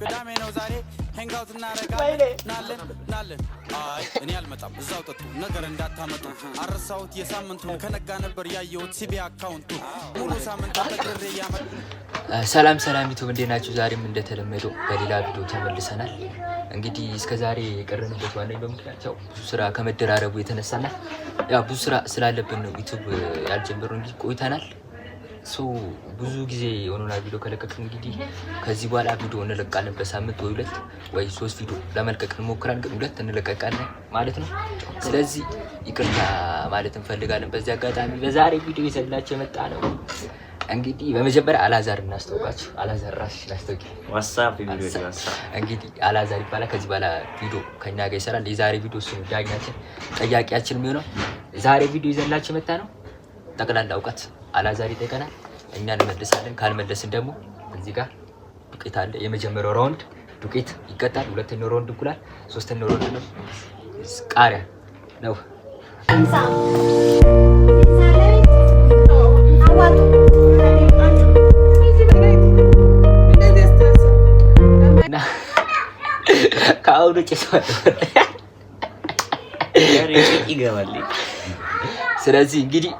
ቅዳሜ ነው ዛሬ ሄንጋውት እናረጋለን። ናለን አይ እኔ አልመጣም። እዛው ጠጡ ነገር እንዳታመጡ። አረሳሁት የሳምንቱን ከነጋ ነበር ያየሁት ሲቢ አካውንቱ ሙሉ ሳምንት አጠቅሬ እያመ ሰላም ሰላም፣ ዩቱብ እንዴት ናችሁ? ዛሬም እንደተለመደው በሌላ ቪዲዮ ተመልሰናል። እንግዲህ ዛሬ የቀረንበት ዋነኝ በምክንያት ያው ብዙ ስራ ከመደራረቡ የተነሳና ያው ብዙ ስራ ስላለብን ነው ዩቱብ ያልጀመረው። እንግዲህ ቆይተናል። ብዙ ጊዜ የሆኑና ቪዲዮ ከለቀቅን እንግዲህ ከዚህ በኋላ ቪዲዮ እንለቃለን። በሳምንት ወይ ሁለት ወይ ሶስት ቪዲዮ ለመልቀቅ እንሞክራለን፣ ግን ሁለት እንለቀቃለን ማለት ነው። ስለዚህ ይቅርታ ማለት እንፈልጋለን በዚህ አጋጣሚ። በዛሬ ቪዲዮ ይዘንላችሁ የመጣ ነው እንግዲህ በመጀመሪያ አላዛር እናስታውቃችሁ። አላዛር ራስሽን አስታውቂ። እንግዲህ አላዛር ይባላል። ከዚህ በኋላ ቪዲዮ ከኛ ጋር ይሰራል። የዛሬ ቪዲዮ እሱ ነው ዳኛችን፣ ጠያቂያችን የሚሆነው ዛሬ ቪዲዮ ይዘላችሁ የመጣ ነው። ጠቅላላ እውቀት አላዛር ይጠይቀናል፣ እኛ እንመልሳለን። ካልመለስን ደግሞ እዚህ ጋር ዱቄት አለ። የመጀመሪያው ራውንድ ዱቄት ይቀጣል። ሁለተኛው ራውንድ እንቁላል፣ ሶስተኛው ራውንድ ነው ቃሪያ ነው። አሁኑ ይገባል። ስለዚህ እንግዲህ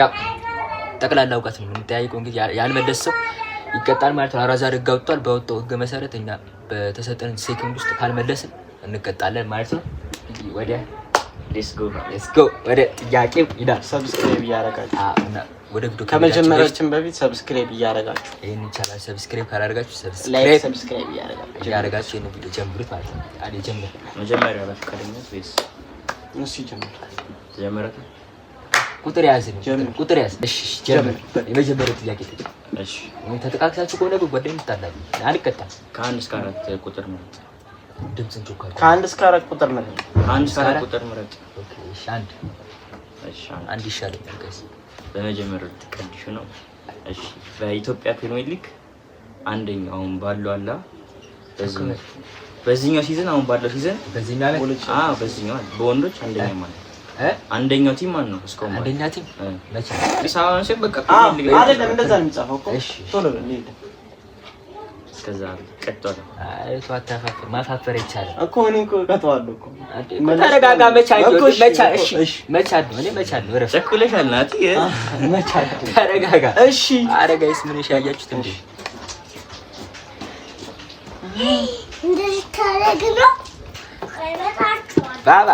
ያው ጠቅላላ እውቀት ነው የምንጠያይቀው። እንግዲህ ያልመለስ ሰው ይቀጣል ማለት ነው። አራዛር ህግ አውጥቷል። በወጣው ህግ መሰረት እኛ በተሰጠን ሴኮንድ ውስጥ ካልመለስን እንቀጣለን ማለት ነው። ወዲያ ሌስ ጎ ሌስ ጎ ወደ ጥያቄው ይዳል። ሰብስክራይብ እያደረጋችሁ ከመጀመሪያችን በፊት ሰብስክራይብ እያደረጋችሁ ይህን ይቻላል። ሰብስክራይብ ካላደረጋችሁ ሰብስክራይብ እያደረጋችሁ ይህን ቪዲዮ ጀምሩት ማለት ነው። ጀምር መጀመሪያ በፈቃደኝነት ወይስ እሱ ይጀምር? ተጀመረ። ቁጥር ያዝ ቁጥር ያዝ። የመጀመሪያው ጥያቄ ተጠቃቅሳችሁ ከሆነ ጓደኞች ታላችሁ አልቀጣም ከአንድ እስከ አራት ቁጥር ነው ከአንድ እስከ አራት ቁጥር ምረጥ። አንድ እስከ አራት ቁጥር ምረጥ። አንድ አንድ ይሻለኝ። በመጀመሪያ ልትቀድሹ ነው። እሺ፣ በኢትዮጵያ ፕሪሚየር ሊግ አንደኛው አሁን ባለው አለ። በዚህኛው ሲዝን አሁን ባለው ሲዝን በዚህኛው በወንዶች አንደኛ ማለት አንደኛው ቲም ማን ነው? እስካሁን አንደኛ ቲም መቼ? አዲስ አበባ ነው። በቃ አይደለም፣ እንደዛ ነው የሚጻፈው እኮ ቶሎ ነው ከዛ ቀጥቷል። አይቶ አታፋፍር። ማፋፈር ይቻላል እኮ እኔ እኮ ቀጥዋለሁ እኮ ተረጋጋ። መቻ እሺ፣ ነው እኔ ነው ረፍ ተረጋጋ። እሺ፣ አረጋይስ ምን ያያችሁት እንዴ ባባ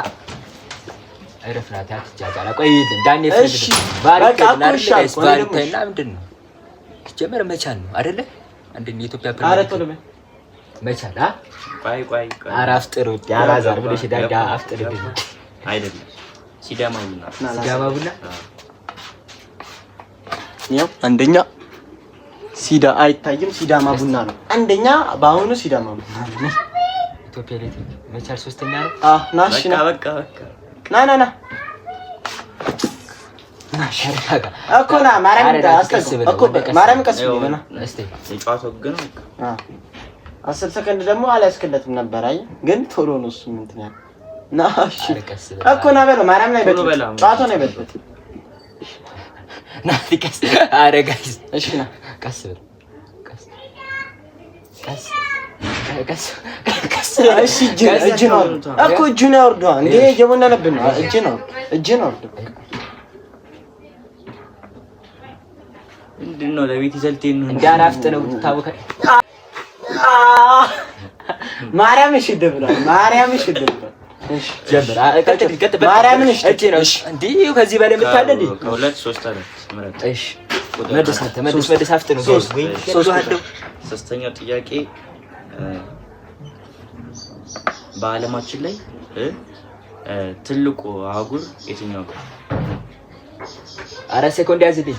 እረፍ ናት። ቆይ ዳኔ ፍርድ ባሪክ ናርሽ ባሪክ ምንድን ነው ጀመረ መቻል ነው አይደለ እንዴት የኢትዮጵያ ፕሪሚየር መቻል አይደለም ሲዳማ ቡና አንደኛ ሲዳ አይታይም ሲዳማ ቡና ነው አንደኛ በአሁኑ ሲዳማ ቡና ነው ኢትዮጵያ ላይ መቻል ሶስተኛ ነው አ ናሽ ና በቃ በቃ ና ና ና አስር ሰከንድ ደግሞ አልያዝክለትም ነበር። አይ ግን ቶሎ ነው እሱ እንትን ያለ ና እኮ ና በለው ማርያም ላይ በለው ጨዋታ ነው የበለው ናቲ ቀስ ኧረ ጋይስ እሺ ና ቀስ በለው ቀስ ቀስ ቀስ ቀስ እሺ እጅ ነው እኮ እጁን ያወርደዋ እንዴ እየቦነነብን ነው እጅ ነው እጅ ነው ምንድን ነው ለቤት ይዘልቴ ነው እንደ ነው ብትታወቀ ማርያም እሺ ደብሏል። ማርያም እሺ እሺ ማርያም እቺ እንዴ ከዚህ ሶስተኛው ጥያቄ በዓለማችን ላይ ትልቁ አህጉር የትኛው? አረ ሴኮንድ ያዝልኝ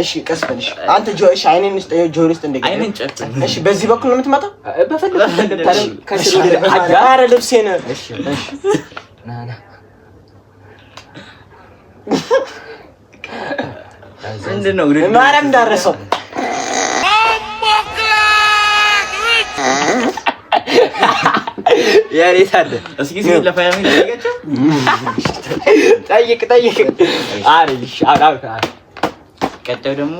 እሺ ቀስ በልሽ አንተ ጆ እሺ፣ አይኔን ውስጥ ጆሮ ውስጥ እንደገና አይኔን ጨፍጥ። እሺ፣ በዚህ በኩል ነው የምትመጣው። ኧረ ልብሴን እሺ፣ እሺ፣ ና ና ምንድን ነው ማርያም ዳረሰው ያሬታለ እስኪ ስለ ለፋያሚ ጠይቅ ጠይቅ። አሪፍ አሪፍ ቀጣዩ ደግሞ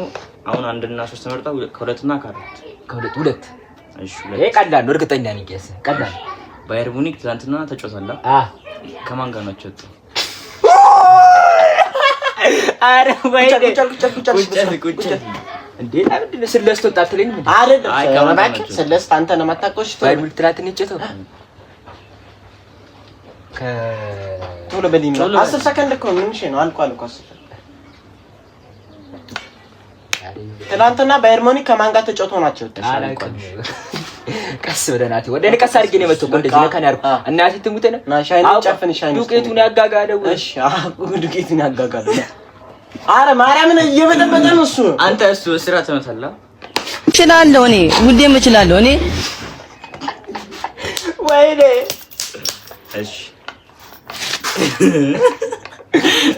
አሁን እና ሶስት መርጣ እና ከአራት ከሁለት ሁለት። እሺ ሁለት። ይሄ ቀላል ነው፣ እርግጠኛ ነኝ። ጌስ ቀላል። ባየር ሙኒክ ትናንትና ተጫውታላ። አ ከማን ጋር ናቸው? አረ ወይ ቁጭ ቁጭ ቁጭ እንዴ! ለምንድን ነው ስለስት ወጣ አትለኝም? አይደለም ስለስት አንተ ነው የማታውቀው። ባየር ሙኒክ ትናንትና የጨዋታው ከቶሎ በል ይመጣ። አስር ሰከንድ አልቋል እኮ ትናንትና በሄርሞኒ ከማን ጋር ተጫውቶ ናቸው? ቀስ ናቴ፣ ወደ እኔ ቀስ አድርጌ ነው የመጣው። እንደዚህ ነው ካናር እናቴ ትሙት ነው ና ሻይን ጨፍን ሻይን ዱቄቱን ያጋጋለው። እሺ አዎ ዱቄቱን ያጋጋለው። አረ ማርያምን እየበጠበጠ ነው እሱ። አንተ እሱ ስራ ተመሰላ እችላለሁ እኔ ሁሌም እችላለሁ እኔ ወይኔ። እሺ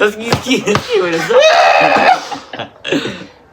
እስኪ እስኪ ወይ ወይኔ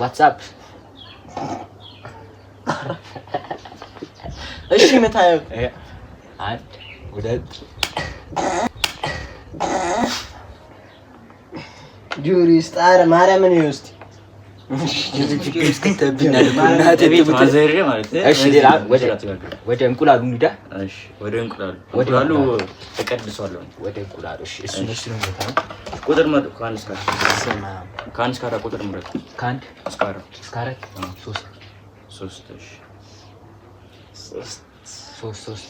ዋትሳፕ እሺ ምታየው አንድ ሁለት ጁሪ ስጣር ማርያምን ይውስጥ ወደ እንቁላሉ እንሂዳ። ወደ እንቁላሉ እንቁላሉ እቀድሰዋለሁ። ወደ እንቁላሉ ቁጥር ከአንድ እስከ አራት ቁጥር ምረጥ። ከአንድ እስከ አራት ሶስት ሶስት ሶስት ሶስት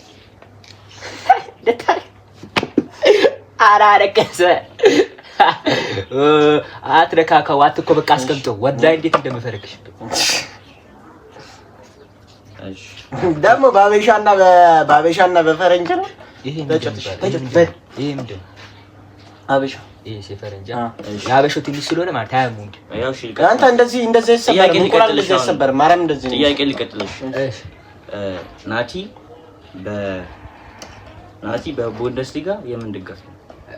አትረካካው፣ አትኮ በቃ አስቀምጠው። ወላሂ እንዴት እንደምፈረግሽ ደግሞ በአበሻና ባበሻና በፈረንጅ ነው። ይሄ ምንድን አበሻ የአበሻው ትንሽ ስለሆነ ማለት አያሙም። አንተ እንደዚህ እንደዚህ ይሰበር እንቁላል እንደዚህ አይሰበርም። ማርያም እንደዚህ ነው። ጥያቄ ሊቀጥልሽ ናቲ በናቲ በቡንደስሊጋ የምን ድጋፍ ነው?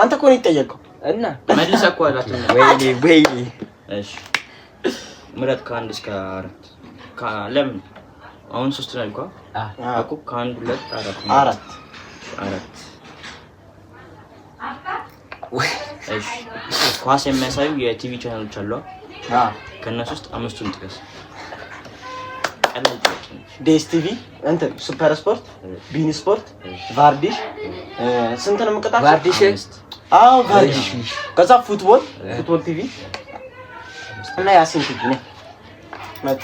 አንተ እኮ ነው የጠየቀው እና መልሰህ እኮ እሺ ምረጥ ከአንድ እስከ አራት ለምን አሁን ሶስት ነው እኮ ከአንድ ሁለት አራት አራት አራት ኳስ የሚያሳዩ የቲቪ ቻናሎች አሉ። ከእነሱ ውስጥ አምስቱን ጥቀስ። ዴስ ቲቪ እንትን ሱፐር ስፖርት፣ ቢኒ ስፖርት፣ ቫርዲሽ ስንት ነው የምቀጣ? ቫርዲሽ አዎ፣ ቫርዲሽ ከዛ ፉትቦል፣ ፉትቦል ቲቪ እና ያሲን ቲቪ ነው መጥቶ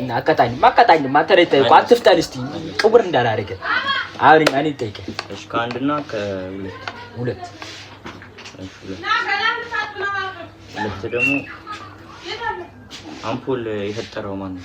እና አቀጣኝ ማቀጣኝ ማተረይ ጠይቁ አትፍጠን እስቲ ቅውር እንዳላረገ አብረኝ እኔ ጠይቀ እሺ ከአንድና ከሁለት ሁለት ሁለት ደግሞ አምፖል የፈጠረው ማን ነው?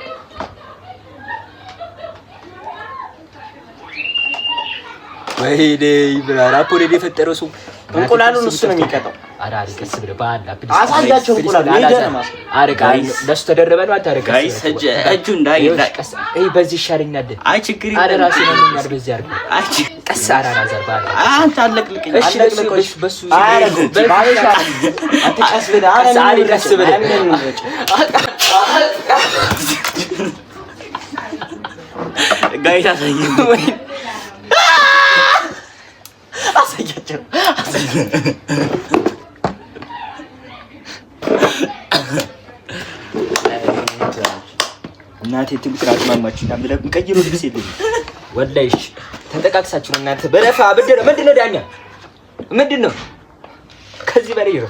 ወይኔ ይብላል። አፖሎን የፈጠረው ሰው እንቁላሉን እሱ ነው የሚቀጣው። ኧረ አሪቀስ ብለህ በአላህ አሳያቸው። እንቁላሉ ለእሱ ተደረበ ነው። አንተ በዚህ ይሻለኛል። አይ ችግር የለም እናቴ ትጉ ስራ አጥማማች እና ምንም ቀይሮ ልብስ የለኝም ወላይሽ ተንጠቃቅሳችሁ እናንተ በለፋ ብድር ምንድን ነው ዳኛ ምንድን ነው ከዚህ በላይ ነው።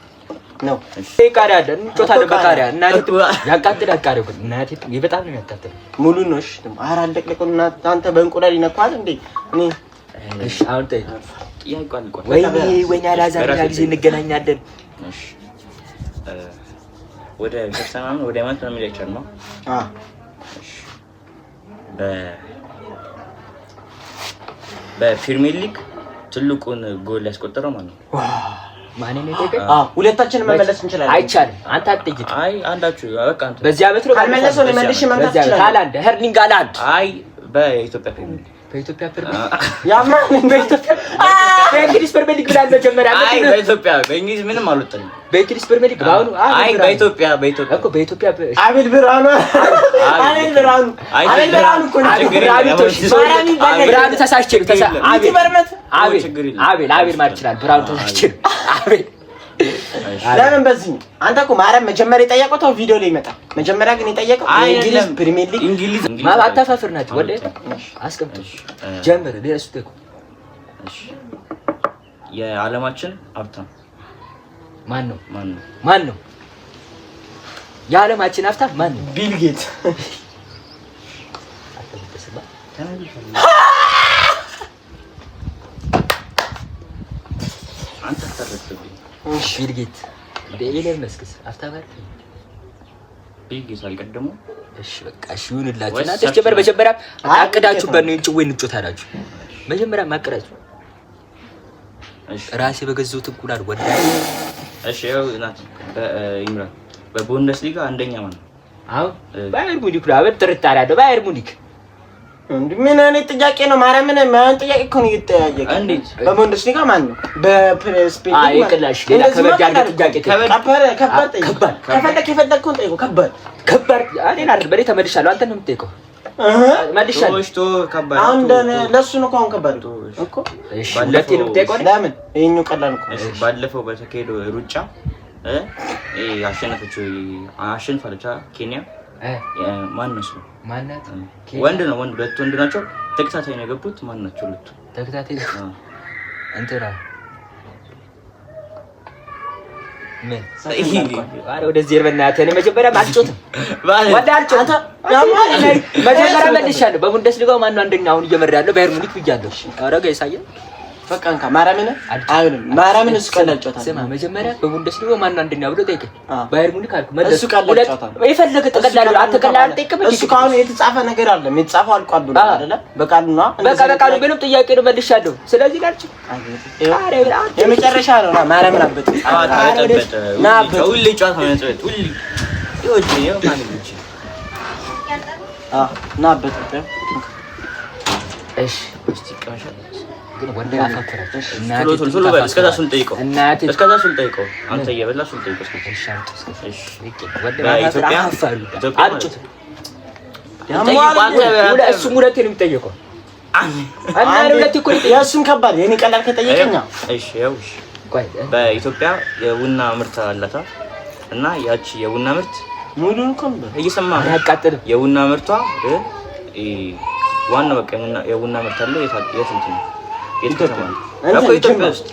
ነው ቃሪያ አለ ጮታ አለ በቃሪያ እና ያቃጥላል። ቃሪያው እና በጣም ነው የሚያቃጥለው። ሙሉ ነው። እሺ ኧረ አለቅልቁ አንተ በእንቁላል ይነኳል እንዴ? እኔ እሺ አሁን ተይ ወይኔ ወይኔ አላዛር ሌላ ጊዜ እንገናኛለን። እሺ ወደ ከተማ ወደ ማለት ነው የሚለጨን ነው። በ በፕሪሚየር ሊግ ትልቁን ጎል ያስቆጠረው ነው። ማንን ሁለታችንን መመለስ እንችላለን። አይቻልም። አንተ አትጠይቅ። አይ አንዳችሁ በቃ አንተ በዚህ አመት ነው ካልመለሰው ለመልሽ መምጣት ይችላል። ሃላንድ ሄርሊንግ ሃላንድ አይ በኢትዮጵያ ፕሪሚየር በኢትዮጵያ ፕሪሚየር ያማ በኢትዮጵያ በእንግሊዝ ፕሪሚየር ሊግ ብላል መጀመሪያ አይ በኢትዮጵያ በእንግሊዝ ምንም አልወጣኝ። በእንግሊዝ ፕሪሚየር ሊግ ባሁን አይ በኢትዮጵያ በኢትዮጵያ እኮ በኢትዮጵያ አቤል ብርሃኑ አቤል ብርሃኑ አቤል ብርሃኑ እኮ ብርሃኑ ተሳስቼ ነው ተሳ አቤል አቤል አቤል ማለት ይችላል ብርሃኑ ተሳስቼ ነው ለምን በዚህ አንተ እኮ ማርያም መጀመሪያ የጠየቀው ተው ቪዲዮ ላይ ይመጣል። መጀመሪያ ግን የጠየቀው እንግሊዝ ፕሪሚየር ሊግ እንግሊዝ ማለት አታፋፍር ናቸው። ወደ አስቀምጡ ጀምር። ለሱ ተኩ የዓለማችን ሀብታም ማን ነው? ማን ነው? ማን ነው? የዓለማችን ሀብታም ማን ነው? ቢል ጌት ቢል ጌት ኤለን መስክስ አፍታበት ቢል ጌት አልቀደሙ። እሺ በቃ እሺ ይሁንላችሁ። እናንተ ጀበር መጀመሪያ አቅዳችሁበት ነው እንጭ ወይ እንጭወይ እንጮታላችሁ። መጀመሪያ ማቀዳችሁ ራሴ በገዛሁት እንቁላል ወዳ እሺ ያው እናት በቡንደስሊጋ አንደኛ ማለት ነው። አዎ ባየር ሙኒክ ነው። አበድ ጥርጣሬ አለው ባየር ሙኒክ ምን አይነት ጥያቄ ነው? ማርያምን ማን ጥያቄ እኮ ነው እየተያየቀ። እንዴት በቡንደስሊጋ ማን ነው? በስፔን አይ ቅላሽ ሌላ ከበድ ያለ ጥያቄ ከባድ ከባድ ከባድ ከፈለክ የፈለግከውን ጠይቀው። ከባድ ከባድ እኔን አይደል በእኔ ተመልሻለሁ። አንተን ነው የምትጠይቀው። መልሻለሁ። አሁን ለእሱ ነው አሁን ከባድ እኮ። ሁለቴ ነው የምትጠይቀው። ለምን ይኸኛው ቀላል እኮ። ባለፈው በተካሄደው ሩጫ አሸነፈችው አሸንፋለች ኬንያ ማን ማነት ወንድ ነው። ወንድ ሁለት ወንድ ናቸው። ተከታታይ ነው የገቡት። ማን ናቸው ሁለቱ? ተከታታይ እንትና ምን አረ ወደዚህ በእናትህ እኔ መጀመሪያ አልጮትም ወደ አልጮትም መጀመሪያ መልሻለሁ። በቡንደስሊጋው ማነው አንደኛ አሁን እየመራ ያለው ባየር ሙኒክ ብያለሁ። አረ ጋይስ በቃ እንካ ማርያምን አይሆንም። ማርያምን እሱ ቀላል ጨዋታ ስማ መጀመሪያ በቡንደስ ማን አንደኛ ብሎ ጠይቅ። ባየር ሙኒክ አልኩ መለስ እሱ ቀላል ጨዋታ የፈለገ ጠቅላላ አንተ ቀላል ጠይቅም። እሱ ካሁን የተጻፈ ነገር አለ የተጻፈው አልቋል ብሎ አይደለ በቃሉ ነው። በቃ በቃሉ ምንም ጥያቄ ነው መልሻለሁ። ስለዚህ ላልች የመጨረሻ ነው። ማርያምን አበጥ ና አበጥ ሁሌ ጨዋታ ነው ያጽበት ሁሌ ይወጂ ይወጂ አ ና አበጥ እሱም ሁለቴ ነው የሚጠየቀው። እሱም ከባድ የእኔ ቀላል በኢትዮጵያ የቡና ምርት አላታ እና ያቺ የቡና ምርት ሙሉን እየሰማ የቡና ምርቷ ዋና በቃ የቡና ምርት አለ። የት ነው? ኢትዮጵያ ውስጥ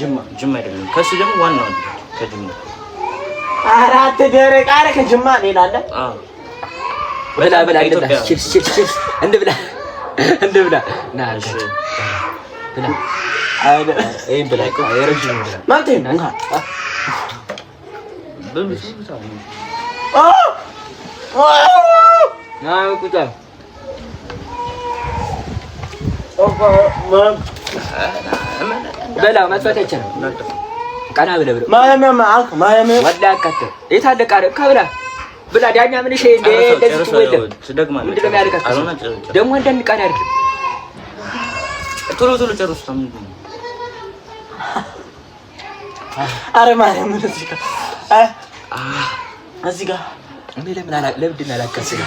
ጅማ ጅማ አይደለም። ከሱ ደግሞ ዋና ከጅማ አራት ደረቅ አረ ከጅማ ሌላ አለ። ብላ ብላ ብላ በላ መጥፈተች ነው። ቀና ብለህ ብለው ማለሚያ ማአክ ማለሚያ ወላ ያካተ የታለቀ አረብ ከብላ ብላ ዳኛ ምን እሺ እንደ እንደዚህ ትወልደ ደግማለህ እንደም ቶሎ ቶሎ ጨርሱታ። አረ ማርያምን እዚህ ጋር እዚህ ጋር እኔ ለምን አላ ለምንድን አላቀስም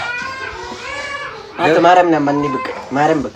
አንተ ማርያምን ያማን በቃ ማርያም በቃ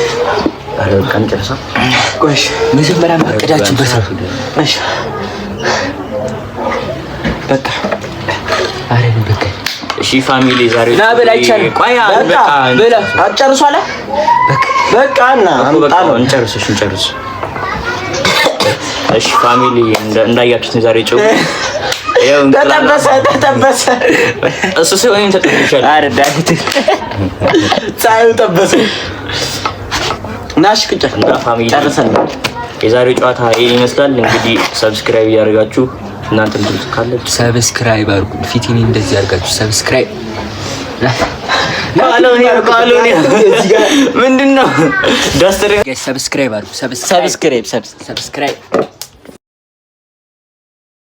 መጀመሪያ ማቀዳችሁበት በቃ እሺ ፋሚሊ ዛሬ ና በላ ይቻል ቆይ በቃ በላ አጨርሱ አለ በቃ እና በቃ እንጨርስ እሺ እንጨርስ እሺ ፋሚሊ እንዳያችሁት ዛሬ ጨው ተጠበሰ ተጠበሰ እሱ ሲሆን ተጠብሻለሁ አይደል ዳዊት ፀሐዩ ጠበሰ ናሽ ቅጨት ጨርሰን የዛሬው ጨዋታ ይሄን ይመስላል። እንግዲህ ሰብስክራይብ እያደርጋችሁ እናንተ ልጅ ካለች ሰብስክራይብ አድርጉ። ፊቴን እንደዚህ አድርጋችሁ ሰብስክራይብ ምንድን ነው ሰብስክራይብ አድርጉ። ሰብስክራይብ ሰብስክራይብ